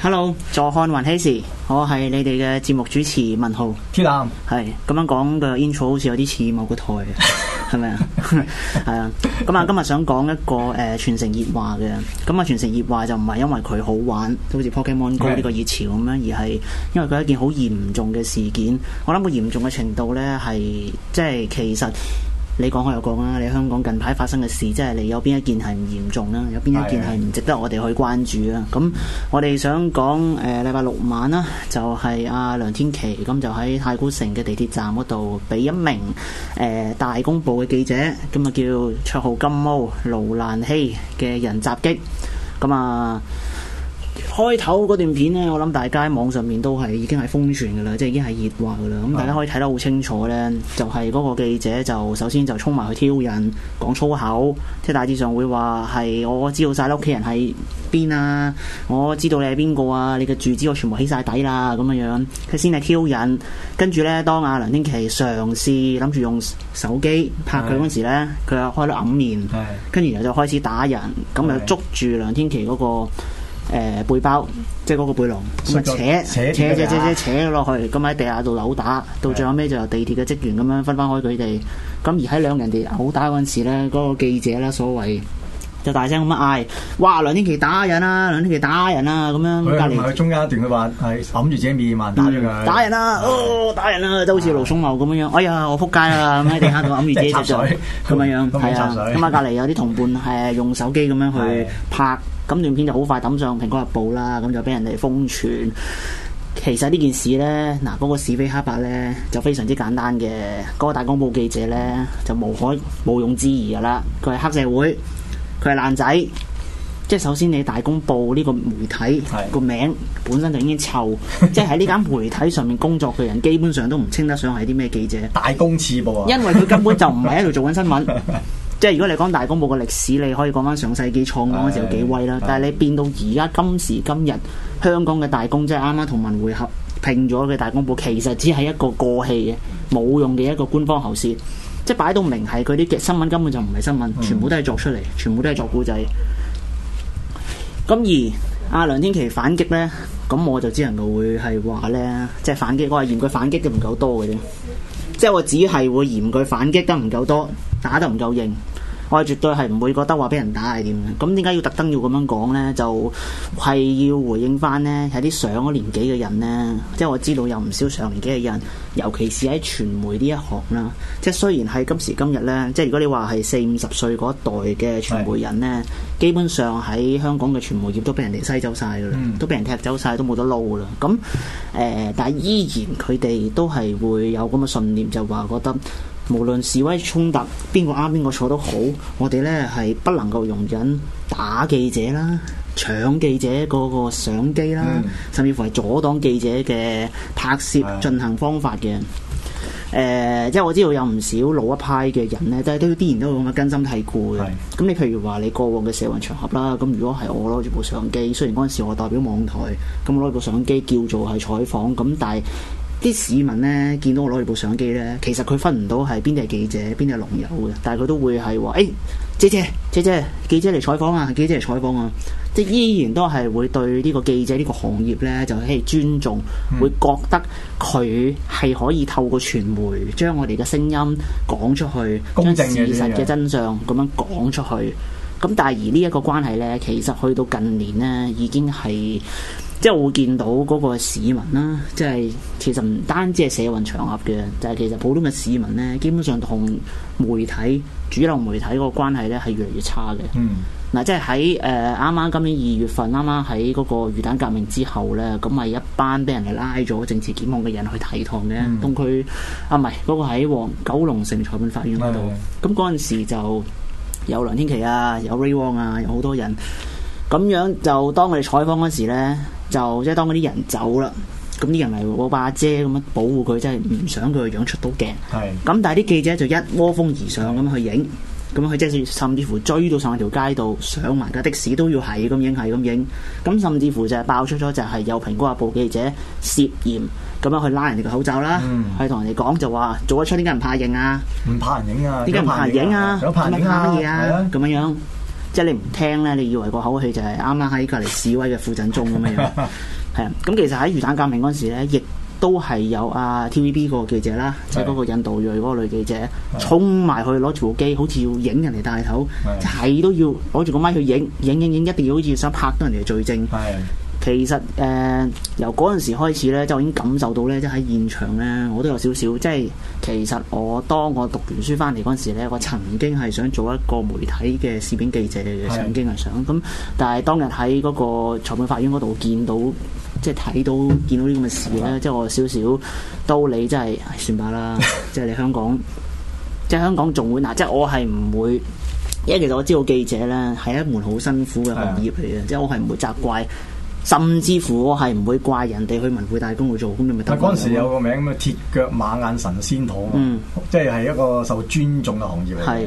Hello，坐看雲起時，我係你哋嘅節目主持文豪，鐵男丹，係咁樣講嘅 intro 好似有啲似某個台 是吧 啊，係咪啊？係啊，咁啊今日想講一個誒傳、呃、承熱話嘅，咁啊傳承熱話就唔係因為佢好玩，都好似 Pokemon Go 呢個熱潮咁樣，Okay. 而係因為佢係一件好嚴重嘅事件，我諗個嚴重嘅程度呢係即係其實。你講開又講啦，你香港近排發生嘅事，即係你有邊一件係唔嚴重啦？有邊一件係唔值得我哋去關注的、呃就是、啊？咁我哋想講誒，禮拜六晚啦，就係阿梁天琦，咁就喺太古城嘅地鐵站嗰度，俾一名誒、呃、大公報嘅記者，咁啊叫綽號金毛盧蘭希嘅人襲擊，咁啊。開頭嗰段片呢，我諗大家喺網上面都係已經係瘋傳噶啦，即係已經係熱話噶啦。咁大家可以睇得好清楚呢，就係、是、嗰個記者就首先就衝埋去挑釁，講粗口，即係大致上會話係我知道晒你屋企人喺邊啊，我知道你係邊個啊，你嘅住址我全部起晒底啦，咁樣樣。佢先係挑釁，跟住呢，當阿梁天琦嘗試諗住用手機拍佢嗰時呢，佢又是的 開到暗面，跟住然後就開始打人，咁是的 又捉住梁天琦嗰、那個。誒背包，即係嗰個背囊，咁啊扯扯扯扯扯扯咗落去，咁喺地下度扭打，到最後尾就由地鐵嘅職員咁樣分翻開佢哋。咁而喺兩人哋扭打嗰陣時咧，嗰個記者咧所謂就大聲咁樣嗌，哇！梁天琦打人啊，梁天琦打人啊！咁樣。隔離佢中間一段嘅話係揞住自己面打咗佢。打人啊！哦，打人啊！即係好似盧松茂咁樣樣。哎呀，我撲街啦！咁喺地下度揞住自己嘴咁樣樣。係啊，咁啊，隔離有啲同伴係用手機咁樣去拍。咁段片就好快抌上《蘋果日報》啦，咁就俾人哋瘋傳。其實呢件事呢，嗱、那、嗰個是非黑白呢，就非常之簡單嘅。嗰、那個大公報記者呢，就無可毋庸置疑噶啦，佢係黑社會，佢係爛仔。即係首先你大公報呢個媒體個是名本身就已經臭， 即係喺呢間媒體上面工作嘅人，基本上都唔稱得上係啲咩記者。大公次報啊！因為佢根本就唔係喺度做緊新聞。 即係如果你講大公報嘅歷史，你可以講翻上世紀創港嗰時有幾威啦。但係你變到而家今時今日，香港嘅大公即係啱啱同文匯合拼咗嘅大公報，其實只係一個過氣嘅冇用嘅一個官方喉舌，即係擺到明係佢啲嘅新聞根本就唔係新聞，全部都係作出嚟，全部都係作古仔。咁而阿梁天琦反擊呢，咁我就只能夠會係話呢，即係反擊，我係嫌佢反，反擊得唔夠多嘅啫。即係我只係會嫌佢反擊得唔夠多，打得唔夠狠。我係絕對係唔會覺得話俾人打係點嘅，咁點解要特登要咁樣講呢？就係要回應翻呢，係啲上咗年紀嘅人呢，即係我知道有唔少上年紀嘅人，尤其是喺傳媒呢一行啦。即係雖然係今時今日呢，即係如果你話係四五十歲嗰一代嘅傳媒人呢，是基本上喺香港嘅傳媒業都俾人哋篩走晒噶啦，嗯、都俾人踢走晒，都冇得撈噶啦。咁誒、呃，但係依然佢哋都係會有咁嘅信念，就話覺得。無論示威衝突，邊個啱邊個錯都好，我哋呢係不能夠容忍打記者啦、搶記者嗰個相機啦，嗯、甚至乎係阻擋記者嘅拍攝進行方法嘅。誒、嗯呃，即係我知道有唔少老一派嘅人呢，都依然都會咁嘅根深蒂固嘅。咁是你譬如話你過往嘅社運場合啦，咁如果係我攞住部相機，雖然嗰陣時我代表網台，咁我攞住部相機叫做係採訪，咁但係。啲市民呢，見到我攞住部相機呢，其實佢分唔到係邊啲係記者，邊啲係龍友嘅，但係佢都會係話，誒、欸，姐姐，姐姐，記者嚟採訪啊，記者嚟採訪啊，即依然都係會對呢個記者呢個行業呢，就係尊重，嗯、會覺得佢係可以透過傳媒將我哋嘅聲音講出去，公正事實嘅真相咁樣講出去。咁、嗯、但係而呢一個關係呢，其實去到近年呢，已經係。即係我會見到嗰個市民啦，即係其實唔單止係社運場合嘅，就係、是、其實普通嘅市民咧，基本上同媒體主流媒體個關係咧係越嚟越差嘅。嗯，嗱、啊，即係喺誒啱啱今年二月份，啱啱喺嗰個魚蛋革命之後咧，咁咪一班俾人哋拉咗政治檢控嘅人去睇堂嘅，同佢、嗯、啊，唔係嗰個喺黃九龍城裁判法院嗰度，咁嗰陣時就有梁天琦啊，有 Ray Wong 啊，有好多人。咁樣就當我哋採訪嗰時咧，就即係當嗰啲人走啦，咁啲人咪攞把遮咁樣保護佢，即係唔想佢個樣出到鏡。係。咁但係啲記者就一窩蜂而上咁去影，咁佢即係甚至乎追到上條街度，上埋架的士都要係咁影，係咁影。咁甚至乎就係爆出咗就係有蘋果日報記者涉嫌咁樣去拉人哋嘅口罩啦，去同人哋講就話做一出點解唔怕影啊？唔怕人影啊？點解唔怕人影啊？有怕影啊？咁樣樣。即係你唔聽咧，你以為個口氣就係啱啱喺隔離示威嘅傅振中咁樣樣，係 啊。咁其實喺魚蛋革命嗰陣時咧，亦都係有啊 TVB 個記者啦，即係嗰個印度裔嗰個女記者，的衝埋去攞住部機，好似要影人哋大頭，係都的要攞住個麥去影影影影，一定要好似想拍到人哋嘅罪證。其實誒、呃，由嗰陣時開始咧，就已經感受到咧，即喺現場咧，我都有少少即係。其實我當我讀完書翻嚟嗰陣時咧，我曾經係想做一個媒體嘅視頻記者嚟嘅，曾經係想咁。但係當日喺嗰個裁判法院嗰度見到，即係睇到見到呢啲咁嘅事咧吧，即係我少少都你真係算吧啦。即係 你香港，即係香港仲會嗱、啊，即係我係唔會，因為其實我知道記者咧係一門好辛苦嘅行業嚟嘅，即係吧我係唔會責怪。甚至乎我係唔會怪人哋去文匯大公去做，咁你咪得嗰陣時有個名咩鐵腳馬眼神仙堂、嗯、即係係一個受尊重嘅行業嚟。係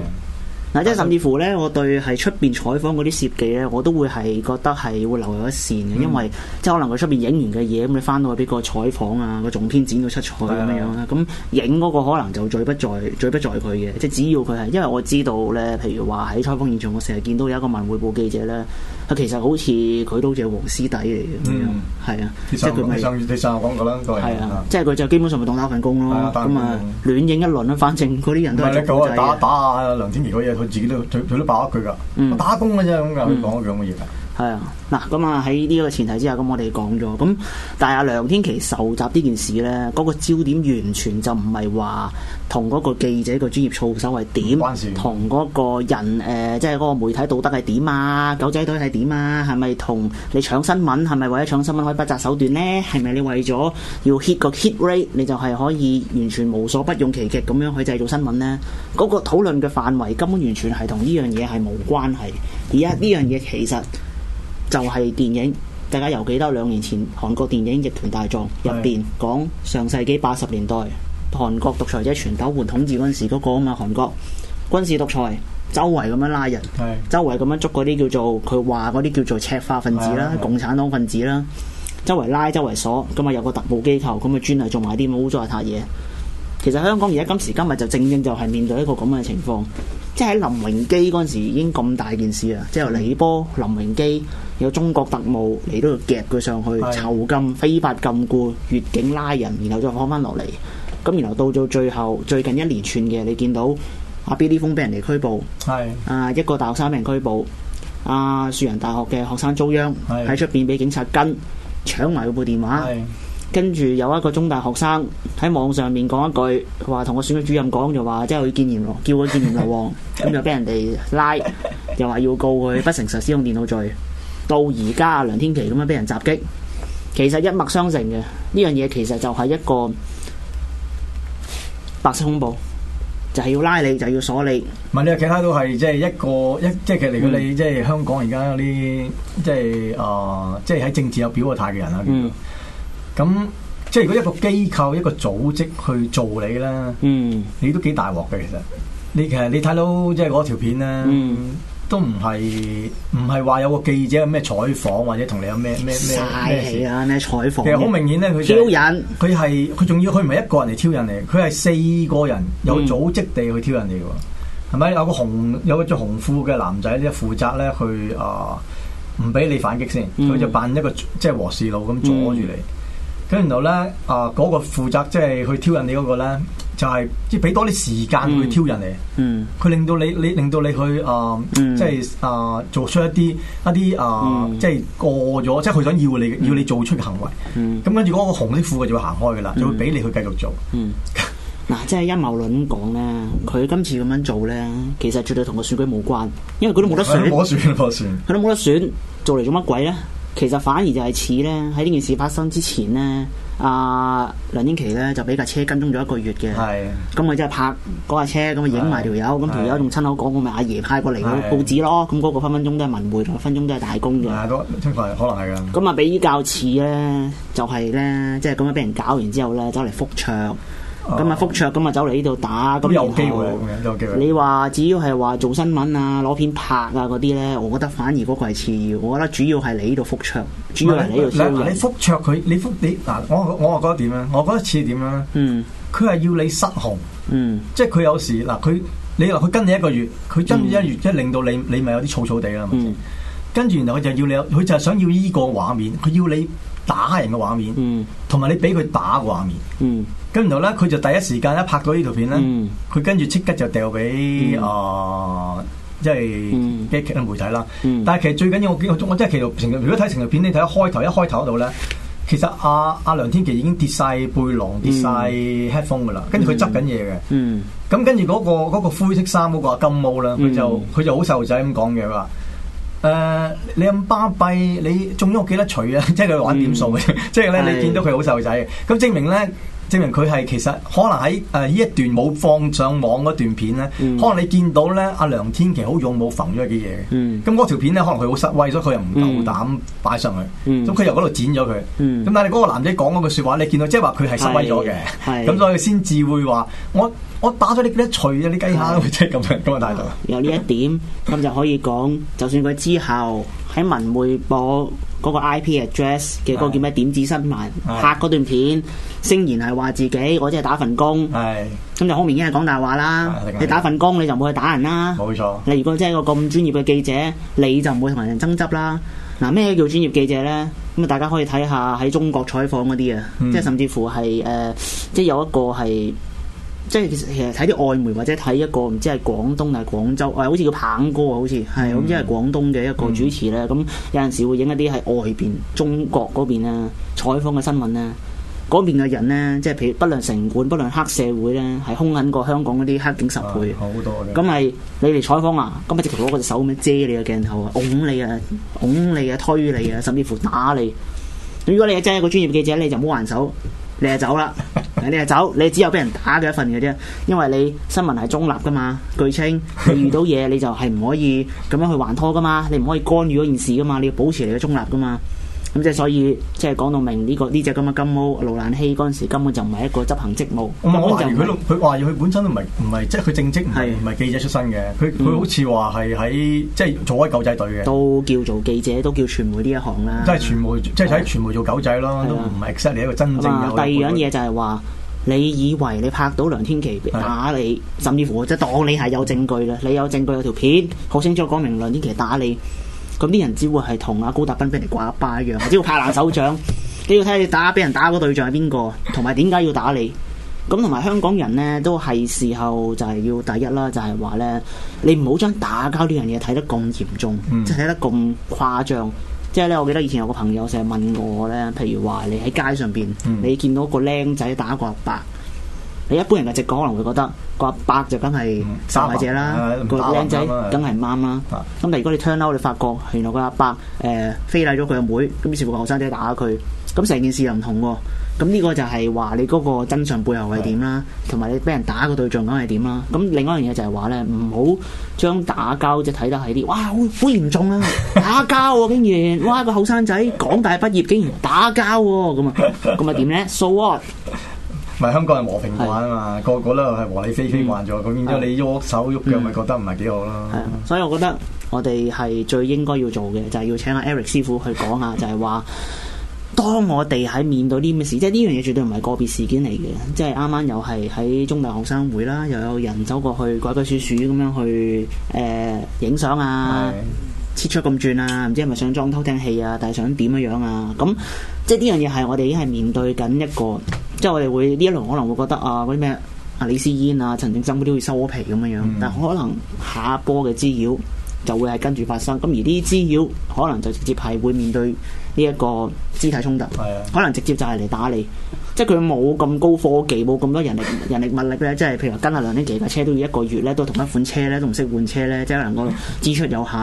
嗱是，即係是甚至乎咧，我對係出邊採訪嗰啲攝記咧，我都會係覺得係會留有一線嘅，嗯、因為即係可能佢出邊影完嘅嘢，咁你翻到去俾個採訪啊，個總編展到出彩咁、嗯、樣樣啦，咁影嗰個可能就罪不在，罪不在佢嘅，即係只要佢係，因為我知道咧，譬如話喺採訪現場，我成日見到有一個文匯報記者咧。其實好似佢都好似黃絲底嚟嘅，係、嗯、啊，即係佢咪，你啦，都啊，啊啊即係佢就基本上咪當打份工咯，咁啊是，嗯、亂影一輪啦。反正嗰啲人都係打打啊梁天琦嗰嘢，佢自己都佢都把握佢噶，嗯、打工嘅啫咁噶。佢、嗯、講嘅咁嘅嘢啊。係啊，嗱咁啊喺呢個前提之下，咁我哋講咗，咁但係阿梁天琦受襲呢件事呢，嗰、那個焦點完全就唔係話同嗰個記者個專業操守係點，同嗰事個人誒、呃，即係嗰個媒體道德係點啊，狗仔隊係點啊，係咪同你搶新聞？係咪為咗搶新聞可以不擇手段呢？係咪你為咗要 hit 個 hit rate，你就係可以完全無所不用其極咁樣去製造新聞呢？嗰、那個討論嘅範圍根本完全係同呢樣嘢係冇關係。嗯、而家呢樣嘢其實。就係電影，大家有記得兩年前韓國電影《逆權大狀》入邊是的 講上世紀八十年代韓國獨裁者全斗煥統治嗰陣時嗰、嗰個啊嘛，韓國軍事獨裁，周圍咁樣拉人，是的 周圍咁樣捉嗰啲叫做佢話嗰啲叫做赤化分子啦、是的 共產黨分子啦，周圍拉、周圍鎖，咁啊有個特務機構，咁啊專係做埋啲污糟邋遢嘅嘢。其實香港而家今時今日就正正就係面對一個咁嘅情況，即係喺林榮基嗰陣時已經咁大件事啊！即係由李波、林榮基，有中國特務嚟到夾佢上去，囚禁、非法禁錮、越境拉人，然後再放翻落嚟。咁然後到到最後最近一連串嘅，你見到阿 Billy 峰俾人哋拘捕，是 啊一個大學生俾人拘捕，啊樹仁大學嘅學生遭殃，喺出邊俾警察跟，搶埋佢部電話。是 跟住有一個中大學生喺網上面講一句，話同個選舉主任講就話，即係佢見言咯，叫佢見言嘞，咁就俾人哋拉，又話要告佢不誠實使用電腦罪。到而家梁天琦咁樣俾人襲擊，其實一脈相承嘅呢樣嘢，其實就係一個白色恐怖，就係、是、要拉你，就要鎖你。問你其他都係即係一個一，即係其實如果你即係、就是、香港而家嗰啲即係啊，即係喺政治有表個態嘅人啊。嗯咁即係如果一個機構，一個組織去做你啦，嗯、你都幾大鑊嘅。其實你，其實你睇到即係嗰條片啦，嗯、都唔係唔係話有個記者有咩採訪，或者同你有咩咩咩咩事啊？咩採訪其實好明顯咧，佢、就是、挑釁佢係，佢仲要佢唔係一個人嚟挑釁嚟，佢係四個人有組織地去挑釁嚟嘅，係咪、嗯、有個紅有個着紅褲嘅男仔咧負責咧去啊？唔俾你反擊先，佢就扮一個即係和事佬咁阻住你。嗯咁然後咧，啊，嗰個負責即係去挑釁你嗰個咧，就係即係俾多啲時間去挑釁你。嗯，佢令到你你令到你去啊，即係啊，做出一啲一啲啊，即係過咗，即係佢想要你要你做出嘅行為。嗯，咁跟住嗰個紅色褲嘅就會行開噶啦，就會俾你去繼續做。嗯，嗱，即係陰謀論講咧，佢今次咁樣做咧，其實絕對同個選舉冇關，因為佢都冇得選，選，佢都冇得選，做嚟做乜鬼咧？其實反而就係似咧，喺呢件事發生之前咧，阿、呃、梁天琦咧就俾架車跟蹤咗一個月嘅，咁佢即係拍嗰架車，咁啊影埋條友，咁條友仲親口講：我咪阿爺派過嚟嘅報紙咯，咁、嗯、嗰、嗯嗯嗯、個分分鐘都係文匯，同分分鐘都係大公嘅。可能係㗎。咁啊、嗯，比較似咧，就係、是、咧，即係咁樣俾人搞完之後咧，走嚟復唱。咁啊，覆桌咁啊，走嚟呢度打咁有機會，你話說只要係話做新聞啊，攞片拍啊嗰啲咧，我覺得反而嗰個係次要，我覺得主要係你呢度覆桌，是主要係你呢度。嗱，你覆桌佢，你覆你嗱，我我話覺得點咧？我覺得似點咧？樣啊、嗯，佢係要你失控，嗯，即係佢有時嗱，佢你話佢跟你一個月，佢跟住一月，即係令到你你咪有啲燥燥地啊嗯，醋醋嗯跟住然後佢就要你，佢就係想要呢個畫面，佢要你。打人嘅畫面，同埋、嗯、你俾佢打嘅畫面，跟、嗯、然後咧，佢就第一時間咧拍到呢條片咧，佢、嗯、跟住即刻就掉俾啊，即係劇嘅媒體啦。嗯、但係其實最緊要我見我即係其實成日，如果睇成條片，你睇開頭一開頭嗰度咧，其實阿、啊、阿梁天琦已經跌晒背囊，跌晒 headphone 嘅啦、嗯，跟住佢執緊嘢嘅，咁、嗯嗯、跟住嗰、那個那個那個灰色衫嗰個阿金毛咧，佢就佢就好細路仔咁講嘅話。誒、uh, 你咁巴閉，你中咗幾多錘啊？ 即係佢玩點數嘅，嗯、 即係咧你見到佢好細路仔，咁的證明咧。證明佢係其實可能喺誒依一段冇放上網嗰段片咧，可能你見到咧阿梁天琦好勇武馴咗嘅嘢嘅，咁嗰條片咧可能佢好失威，所以佢又唔夠膽擺上去，咁佢由嗰度剪咗佢，咁但係嗰個男仔講嗰句説話，你見到即係話佢係失威咗嘅，咁所以先至會話我我打咗你幾多錘啊你雞蝦，即係咁樣幫我帶到。有呢一點，咁就可以講，就算佢之後喺文匯報。嗰個 IP address 嘅嗰個叫咩點子新聞拍嗰段片，聲言係話自己我即係打份工，咁是就好明顯係講大話啦。你打份工你就冇去打人啦，冇錯。你如果真係一個咁專業嘅記者，你就唔會同人爭執啦。嗱咩叫專業記者呢？咁啊大家可以睇下喺中國採訪嗰啲啊，嗯、即係甚至乎係誒、呃，即係有一個係。即係其實睇啲外媒或者睇一個唔知係廣東定係廣州，誒好似叫棒哥啊，好似係咁因為廣東嘅一個主持咧。咁、mm hmm. 有陣時會影一啲喺外邊中國嗰邊啊採訪嘅新聞咧，嗰邊嘅人咧，即係譬如不論城管、不論黑社會咧，係兇狠過香港嗰啲黑警十倍。啊、好多咁係你嚟採訪啊，咁咪直頭攞隻手咁樣遮你嘅鏡頭啊，拱你啊，拱你啊，推你啊，甚至乎打你。如果你係真係一個專業記者，你就唔好還手，你就走啦。 你係走，你只有俾人打嘅一份嘅啫，因為你新聞係中立噶嘛，據稱你遇到嘢你就係唔可以咁樣去還拖噶嘛，你唔可以干預嗰件事噶嘛，你要保持你嘅中立噶嘛。咁即係所以，即係講到明呢、呢個呢隻咁嘅金毛盧蘭希嗰陣時，根本就唔係一個執行職務。我佢佢話，如佢本，本身都唔唔係，即係佢正職唔係記者出身嘅，佢佢的好似話係喺即係做開狗仔隊嘅、嗯。都叫做記者，都叫傳媒呢一行啦。即係傳媒，即係喺傳媒做狗仔咯，的都唔係 exactly 一個真正嘅。第二樣嘢就係話，你以為你拍到梁天琦打你的，甚至乎即係、就是、當你係有證據嘅，你有證，有證據有條片，好清楚講明梁天琦打你。咁啲人只會係同阿高達斌俾人掛一巴一樣，只會拍爛手掌。你要睇你打俾人打個對象係邊個，同埋點解要打你。咁同埋香港人呢，都係時候就係要第一啦，就係話呢：「你唔好將打交呢樣嘢睇得咁嚴重，即係睇得咁誇張。即係呢，我記得以前有個朋友成日問過我呢，譬如話你喺街上邊，你見到個靚仔打個阿伯。你一般人嘅直覺可能會覺得個阿伯就梗係受害者啦，個靚仔梗係啱啦。咁、啊啊啊、但係如果你 turn out 你發覺原來個阿伯誒、呃、非禮咗佢阿妹，咁於是乎個後生仔打佢，咁成件事又唔同喎。咁呢個就係話你嗰個真相背後係點啦，同埋你俾人打嘅對象梗係點啦。咁另外一樣嘢就係話咧，唔好將打交即係睇得係啲哇好好嚴重啊，打交、啊、竟然哇個後生仔港大畢業竟然打交喎、啊，咁啊咁啊點咧？So what？唔係香港係和平慣啊嘛，是個個都係和理非非慣咗，咁變咗你喐手喐腳咪覺得唔係幾好咯。係啊，所以我覺得我哋係最應該要做嘅就係、是、要請阿 Eric 師傅去講下就，就係話當我哋喺面對呢啲事，即係呢樣嘢絕對唔係個別事件嚟嘅。即係啱啱又係喺中大學生會啦，又有人走過去鬼鬼祟祟咁樣去誒影相啊，的切出咁轉啊，唔知係咪想裝偷聽器啊，但係想點嘅樣啊？咁即係呢樣嘢係我哋已經係面對緊一個。即係我哋會呢一輪可能會覺得啊，嗰啲咩啊李思煙啊、陳正森嗰啲會收皮咁樣樣，但係可能下一波嘅滋擾就會係跟住發生，咁而呢啲滋擾可能就直接係會面對。呢一個肢體衝突，的可能直接就係嚟打你，即係佢冇咁高科技，冇咁多人力人力物力咧，即係譬如話跟阿梁天琦呢幾架車都要一個月咧，都同一款車咧，都唔識換車咧，即係兩個支出有限。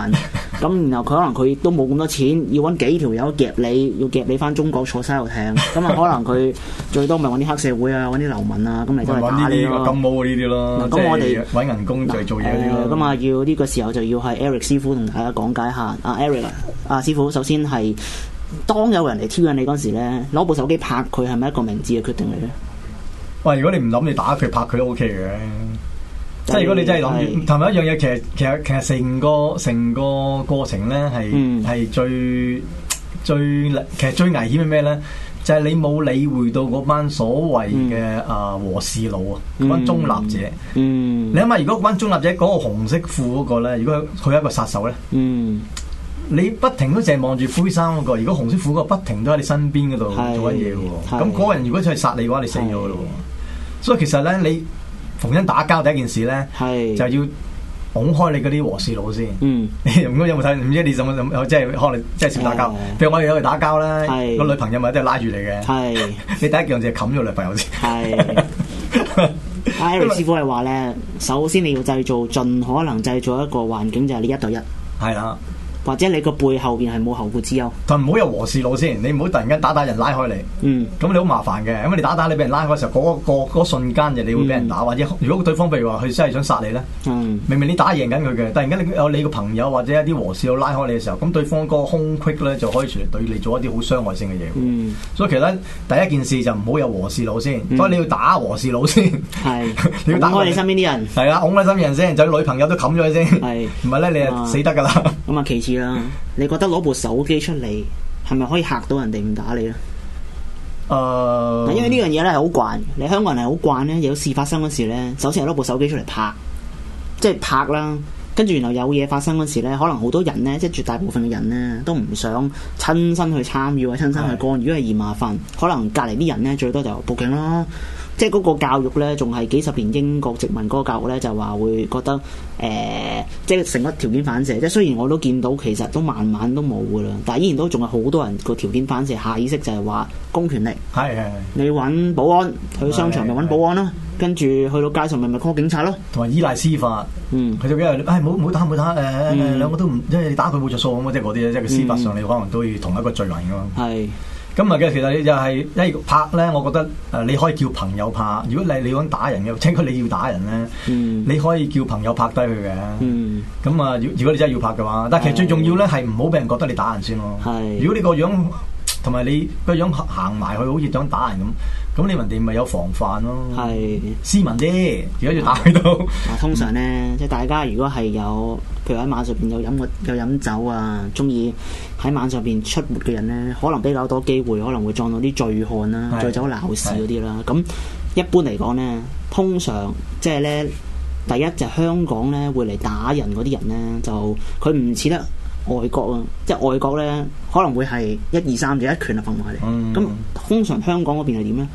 咁 然後佢可能佢都冇咁多錢，要揾幾條友夾你，要夾你翻中國坐西遊艇。咁啊，可能佢最多咪揾啲黑社會啊，揾啲流民啊，咁嚟幫你打你咯、啊。金毛呢啲咯。咁我哋揾人工就係、嗯、做嘢咁啊、呃呃，要呢個時候就要係 Eric 師傅同大家講解下 啊，Eric 啊，師傅首先係。當有人嚟挑釁你嗰時咧，攞部手機拍佢係咪一個明智嘅決定嚟嘅？喂，如果你唔諗你打佢拍佢都 OK 嘅。即係如果你真係諗住，同埋是一樣嘢，其實其實其實成個成個過程咧係係最最其實最危險嘅咩咧？就係、是、你冇理會到嗰班所謂嘅啊和事佬啊，嗰、嗯、班中立者。嗯，嗯你諗下，如果嗰班中立者嗰、嗰個紅色褲嗰個咧，如果佢係一個殺手咧，嗯。嗯你不停都淨係望住灰衫嗰個，如果紅色褲嗰個不停都喺你身邊嗰度做緊嘢喎，咁嗰個人如果出去殺你嘅話，你死咗咯。所以其實咧，你逢親打交第一件事咧，就要拱開你嗰啲和事佬先。唔該，有冇睇？唔知你有冇有即係可能即係先打交？譬如我哋有去打交咧，個女朋友咪即係拉住你嘅。你第一樣嘢冚咗女朋友先。阿李師傅係話咧，首先你要製造盡可能製造一個環境，就係呢，一對一。係啦。或者你個背後邊係冇後顧之憂，就唔好有和事佬先。你唔好突然間打打人拉開你，嗯，咁你好麻煩嘅。因為你打打你俾人拉開嘅時候，嗰個嗰個瞬間就你會俾人打，或者如果對方譬如話佢真係想殺你咧，嗯，明明你打贏緊佢嘅，突然間你有你個朋友或者一啲和事佬拉開你嘅時候，咁對方個空隙咧就可以出嚟對你做一啲好傷害性嘅嘢。嗯，所以其實第一件事就唔好有和事佬先，所以你要打和事佬先，係你要打開你身邊啲人，係啊，拱下身邊人先，就女朋友都冚咗佢先，係，唔係咧你啊死得噶啦。咁啊其次。啦，嗯、你覺得攞部手機出嚟係咪可以吓到人哋唔打你咧？誒、呃，因為呢樣嘢咧係好慣，你香港人係好慣呢，有事發生嗰時呢，首先係攞部手機出嚟拍，即係拍啦。跟住然後有嘢發生嗰時呢，可能好多人呢，即係絕大部分嘅人呢，都唔想親身去參與啊，親身去干。如果係嫌麻煩。可能隔籬啲人呢，最多就報警啦。即係嗰個教育咧，仲係幾十年英國殖民嗰個教育咧，就話會覺得誒、呃，即係成個條件反射。即係雖然我都見到，其實都慢慢都冇噶啦，但係依然都仲係好多人個條件反射，下意識就係話公權力。係係，你揾保安去商場咪揾保安啦，跟住去到街上咪咪 call 警察咯，同埋依賴司法。嗯，係就因為誒打冇打誒、呃嗯、兩個都唔即係你打佢冇着數咁即係嗰啲咧，即、就、係、是就是、司法上你、嗯、可能都要同一個罪名噶嘛。係係係。咁啊其實，你就係、是、一拍咧，我覺得誒、呃，你可以叫朋友拍。如果你你揾打人嘅，清楚你要打人咧，嗯、你可以叫朋友拍低佢嘅。咁啊、嗯，如果你真係要拍嘅話，但係其實最重要咧，係唔好俾人覺得你打人先咯。係，如果你個樣。同埋你個樣行埋去好似想打人咁，咁你人哋咪有防範咯。係是，斯文啲，而家要打到！通常呢，嗯、即係大家如果係有，譬如喺晚上邊有飲過有飲酒啊，中意喺晚上邊出沒嘅人呢，可能比較多機會可能會撞到啲醉漢啦、啊、是醉酒鬧事嗰啲啦。咁是一般嚟講呢，通常即係呢，第一就香港呢會嚟打人嗰啲人呢，就佢唔似得。外國啊，即係外國咧，可能會係一二三，就一拳就放埋佢。咁通常香港嗰邊係點咧？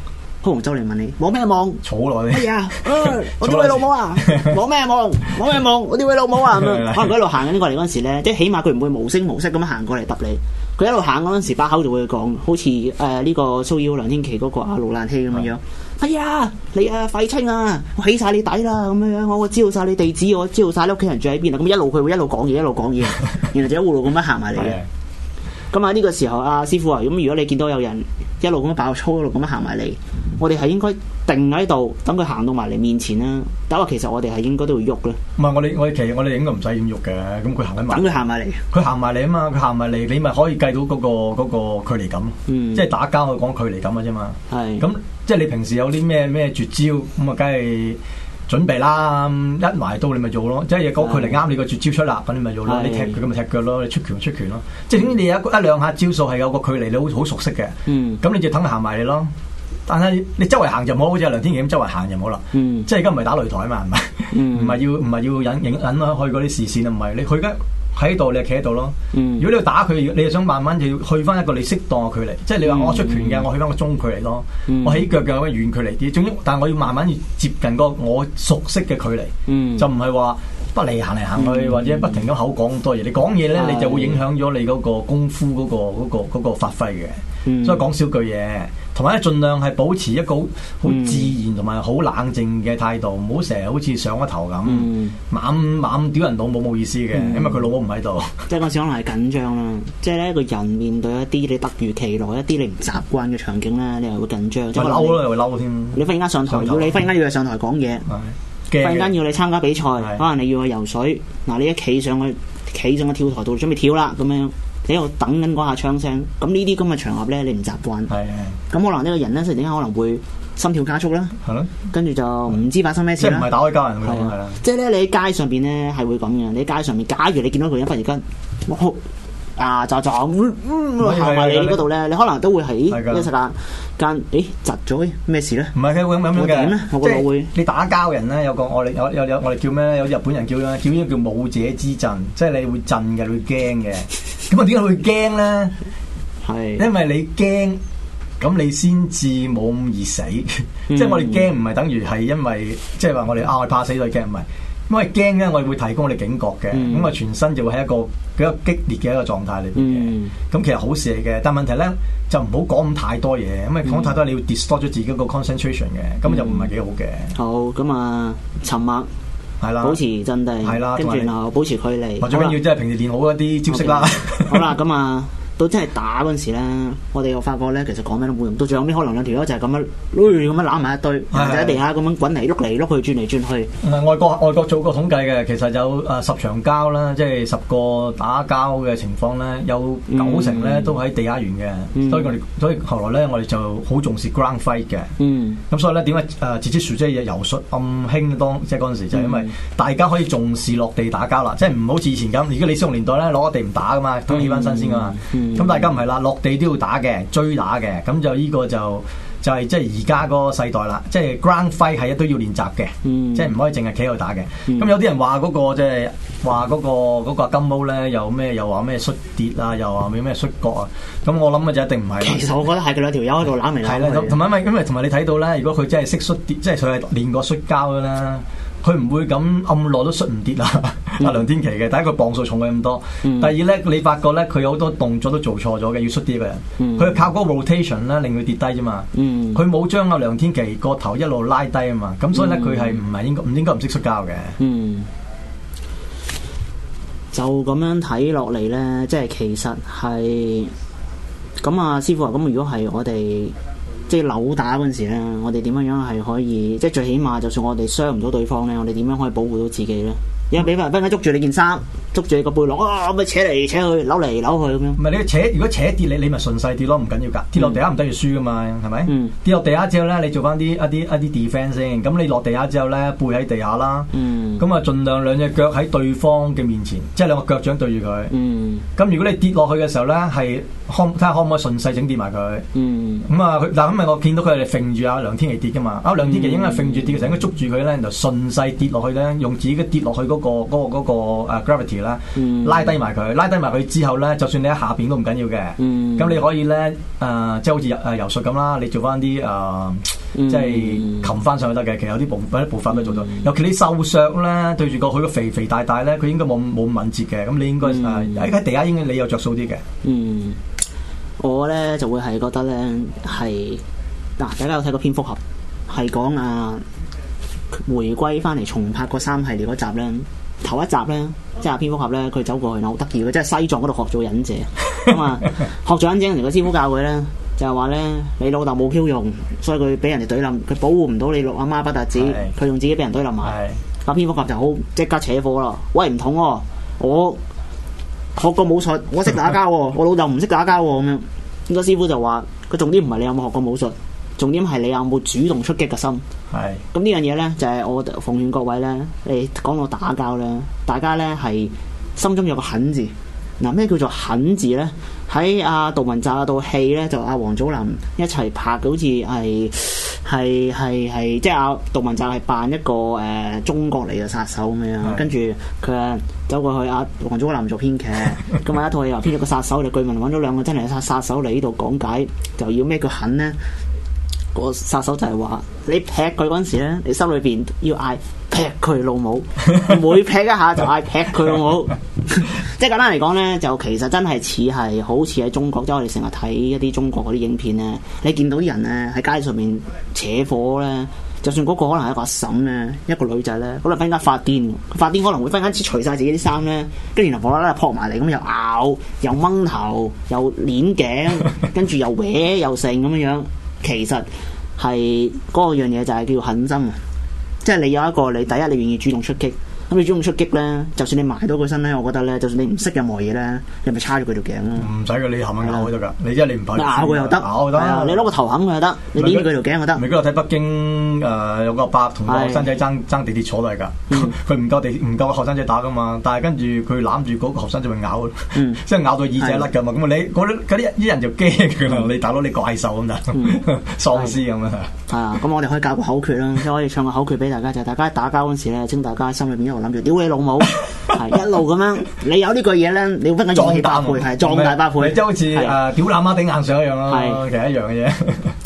好，宏洲嚟問你，冇咩望？坐落去。嘢啊？哎、我屌你老母啊，冇咩望？冇咩望？我屌你老母啊， 可能佢一路行緊過嚟嗰陣時咧， 即係起碼佢唔會無聲無息咁樣行過嚟揼你。佢一路行嗰陣時，把口就會講，好似誒呢個蘇瑤、梁天琦嗰個阿盧蘭希咁樣樣。嗯嗯哎呀，你啊，廢青啊，我起晒你底啦，咁樣，我我知道晒你地址，我知道晒你屋企人住喺邊啦，咁一路佢會一路講嘢，一路講嘢，然後就一路咁樣行埋嚟嘅。咁啊呢個時候啊，師傅啊，咁如果你見到有人一路咁樣爆粗，一路咁樣行埋嚟。我哋係應該定喺度，等佢行到埋嚟面前啦，啊。但係其實我哋係應該都會喐咧。唔係我哋我哋其實我哋應該唔使咁喐嘅。咁佢行緊埋，等佢行埋嚟，佢行埋嚟啊嘛！佢行埋嚟，你咪可以計到嗰、嗰個、嗰個距離感。嗯。即係打交，去講距離感嘅啫嘛。係。咁即係你平時有啲咩咩絕招咁啊？梗係準備啦，一埋刀你咪做咯。即係嗰個距離啱你個絕招出啦，咁你咪做咯。是你踢佢咁咪踢腳咯，你出拳就出拳咯。即係總之你有一個、嗯、一兩下招數係有個距離你好好熟悉嘅。咁、嗯嗯、你就等佢行埋嚟咯。但係你周圍行就唔好，好似梁天琦咁周圍行就唔好啦。即係而家唔係打擂台啊嘛，係咪？唔係要唔係要引引引去嗰啲視線啊？唔係你佢而家喺度，你企喺度咯。如果你要打佢，你又想慢慢要去翻一個你適當嘅距離。即係你話我出拳嘅，我去翻個中距離咯。我起腳嘅，我遠距離啲。總之，但係我要慢慢接近個我熟悉嘅距離，就唔係話不離行嚟行去，或者不停咁口講多嘢。你講嘢咧，你就會影響咗你嗰個功夫嗰個嗰個嗰個發揮嘅。所以講少句嘢。同埋咧，儘量係保持一個好自然同埋好冷靜嘅態度，唔好成日好似上咗頭咁，猛猛屌人老母。冇意思嘅，因為佢老母唔喺度。即係嗰時可能係緊張啦，即係咧個人面對一啲你突如其來、一啲你唔習慣嘅場景咧，你係會緊張。即係嬲咧，又會嬲添。你忽然間上台，你忽然間要你上台講嘢，忽然間要你參加比賽，可能你要去游水。嗱，你一企上去，企上個跳台度準備跳啦，咁樣。你又等緊嗰下槍聲，咁呢啲咁嘅場合咧，你唔習慣，咁可能呢個人咧，即係點解可能會心跳加速咧？跟住就唔知發生咩事，即係唔係打開交人咁樣？即係咧，你喺街上邊咧係會咁嘅。你喺街上面，假如你見到個人突然間啊，就就唔唔行埋你嗰度咧，你可能都會喺一時間間，咦？窒咗咩事咧？唔係嘅，會咁樣嘅。點咧？我覺得會你打交人咧，有個我哋有有有我哋叫咩？有日本人叫咩？叫呢叫武者之陣，即係你會震嘅，你會驚嘅。咁啊，點解會驚咧？係是，因為你驚，咁你先至冇咁易死。嗯、即係我哋驚唔係等於係因為，即係話我哋、嗯、啊我怕死對驚唔係。因為驚咧，我哋會提供我哋警覺嘅，咁啊、嗯、全身就會喺一個比較激烈嘅一個狀態裏邊嘅。咁、嗯、其實好事嚟嘅，但問題咧就唔好講咁太多嘢，因為講太多、嗯、你要 distort 咗自己個 concentration 嘅、嗯，咁就唔係幾好嘅。好，咁啊，沉默。 保持陣地，係啦的，跟住然後保持距離。最緊要即係平時練好一啲招式啦。好啦，咁、嗯、啊。到真係打嗰陣時咧，我哋又發覺咧其實講緊都冇用。到最後尾，可能兩條友就係咁樣，咁樣攬埋一堆，就喺地下咁樣滾嚟碌嚟碌去轉嚟轉去。外國外國做過統計嘅，其實有誒十場交啦，即係十個打交嘅情況咧，有九成咧都喺地下完嘅。嗯、所以我哋所以後來咧，我哋就好重視 ground fight 嘅。咁、嗯、所以咧點解誒 j u d 即係遊術咁興當即係嗰陣時，就係、是、因為大家可以重視落地打交啦，即係唔好似以前咁。而家李小龍年代咧攞地唔打噶嘛，都起翻身先噶嘛。嗯嗯嗯咁大家唔係啦，落地都要打嘅，追打嘅，咁就呢個就就係即係而家嗰個世代啦，即係 ground fight 係一都要練習嘅，嗯、即係唔可以淨係企喺度打嘅。咁、嗯、有啲人話嗰、嗰個即係話嗰個金毛咧，又咩又話咩摔跌啊，又話咩咩摔角啊。咁我諗嘅就一定唔係。其實我覺得係佢兩條友喺度攬嚟攬去，係啦，同埋 的因為因為同埋你睇到啦，如果佢真係識摔跌，即係佢係練過摔跤噶啦。佢唔會咁暗落都摔唔跌啊！阿梁天琦嘅，第一佢磅數重佢咁多，mm. 第二咧你發覺咧佢有好多動作都做錯咗嘅，要摔跌嘅人，佢、mm. 靠嗰個 rotation 咧令佢跌低啫嘛，佢冇將阿梁天琦個頭一路拉低啊嘛，咁所以咧佢係唔係應唔、mm. 應該唔識摔跤嘅？嗯，就咁樣睇落嚟咧，即係其實係咁啊，師傅啊，咁如果係我哋。即係扭打嗰陣時咧，我哋點樣樣係可以，即係最起碼就算我哋傷唔到對方咧，我哋點樣可以保護到自己咧？有俾份人分，捉住你件衫，捉住你個背囊，哇咁樣扯嚟扯去，扭嚟扭去咁樣。唔係你扯，如果扯跌你，你咪順勢跌咯，唔緊要噶。跌落地下唔等於輸噶嘛，係咪？跌落地下之後咧，你做翻啲一啲一啲 defense 先。咁你落地下之後咧，背喺地下啦。咁啊，盡量兩隻腳喺對方嘅面前，即係兩個腳掌對住佢。咁如果你跌落去嘅時候咧，係看睇下可唔可以順勢整跌埋佢。咁啊，佢嗱咁咪我見到佢哋揈住阿梁天琦跌噶嘛？阿梁天琦應該揈住跌嘅時候，應該捉住佢咧，然後順勢跌落去咧，用自己嘅跌落去嗰。嗰個嗰個 gravity 啦，拉低埋佢，拉低埋佢之後咧，就算你喺下邊都唔緊要嘅。咁、嗯、你可以咧誒、呃，即係好似誒柔術咁啦，你做翻啲誒，即係擒翻上去得嘅。其實有啲部有啲部分都做到。嗯、尤其你瘦削咧，對住個佢個肥肥大大咧，佢應該冇冇敏捷嘅。咁你應該誒喺、嗯呃、地下應該你有着數啲嘅。嗯，我咧就會係覺得咧係嗱，大家有睇過蝙蝠俠係講啊。回歸翻嚟重拍嗰三系列嗰集咧，頭一集咧，即係蝙蝠俠咧，佢走過去好得意嘅，即係西藏嗰度學做忍者咁啊嘛， 學做忍者嚟個師傅教佢咧，就係話咧，你老豆冇 Q 用，所以佢俾人哋懟冧，佢保護唔到你六阿媽不特止，佢用自己俾人懟冧埋，咁蝙蝠俠就好即刻扯火啦，喂，唔同喎，我學過武術，我識打交，啊，我老豆唔識打交咁樣，咁個師傅就話佢重點唔係你有冇學過武術。重點係你有冇主動出擊嘅心？係咁是，呢樣嘢咧，就係、是、我奉勸各位咧，你講到打交咧，大家咧係心中有個狠字。嗱、啊，咩叫做狠字咧？喺阿杜汶澤嗰套戲咧，就阿、啊、黃祖藍一齊拍，好似係係係係，即係阿杜汶澤係扮一個誒、呃、中國嚟嘅殺手咁樣，是跟住佢啊走過去，阿、啊、黃祖藍做編劇，咁啊 一套戲又編咗個殺手，就 據聞揾咗兩個真係殺殺手嚟呢度講解，就要咩叫狠咧？個殺手就係話你劈佢嗰陣時咧，你心裏邊要嗌劈佢老母，每劈一下就嗌劈佢老母。即 係簡單嚟講咧，就其實真係似係，好似喺中國，即、就、係、是、我哋成日睇一啲中國嗰啲影片咧，你見到啲人咧喺街上面扯火咧，就算嗰個可能係一個阿嬸咧，一個女仔咧，可能忽然間發癲，發癲可能會忽然間似除晒自己啲衫咧，跟住連頭火啦啦撲埋嚟，咁又咬又掹頭又捏頸，跟住又歪，又剩咁樣樣。其實係個樣嘢，就係叫狠心啊！即係你有一個，你第一你願意主動出擊。咁你中唔出擊咧？就算你埋到佢身咧，我覺得咧，就算你唔識任何嘢咧，你咪叉住佢條頸咯。唔使嘅，你含硬咬佢得噶，你即你唔怕咬佢又得，咬佢又得，你攞個頭啃佢又得，你搣佢條頸又得。咪嗰日睇北京誒有個阿伯同個學生仔爭爭地鐵坐嚟㗎，佢唔夠地唔夠學生仔打噶嘛，但係跟住佢攬住嗰個學生仔咪咬，即係咬到耳仔甩㗎嘛。咁你嗰啲啲人就驚佢啦，你打到你怪獸咁就喪屍咁啊。係啊，咁我哋可以教個口訣啦，即係可以唱個口訣俾大家，就係大家打交嗰陣時咧，請大家心入邊。諗住屌你老母， 一路咁樣，你有句呢句嘢咧，你要分緊壯大百倍，係壯大百倍，即係好似啊屌爛媽頂硬上一樣咯，是其實一樣嘅嘢，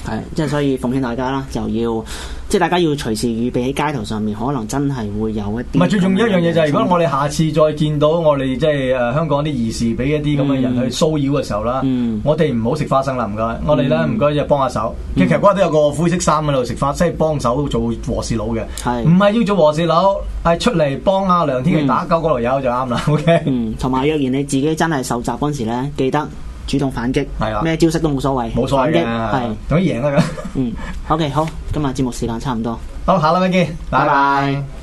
係即係所以奉勸大家啦，就要。即係大家要隨時預備喺街頭上面，可能真係會有一啲不。唔係最重要一樣嘢就係，如果我哋下次再見到我哋、嗯、即係誒、呃、香港啲兒事俾一啲咁嘅人去騷擾嘅時候啦，嗯、我哋唔好食花生啦唔該，嗯、我哋咧唔該就幫下手。嗯、其實嗰日都有個灰色衫喺度食花生，係幫手做和事佬嘅。係唔係要做和事佬係出嚟幫阿梁天琦打交嗰條友就啱啦。OK，同埋若然你自己真係受襲嗰陣時咧，記得。主動反擊，係啊的，咩招式都冇所謂，冇所謂反擊啊，係的，總之贏啦咁。 嗯，OK，好，今日節目時間差唔多，好，下啦 bye，麥基，拜拜。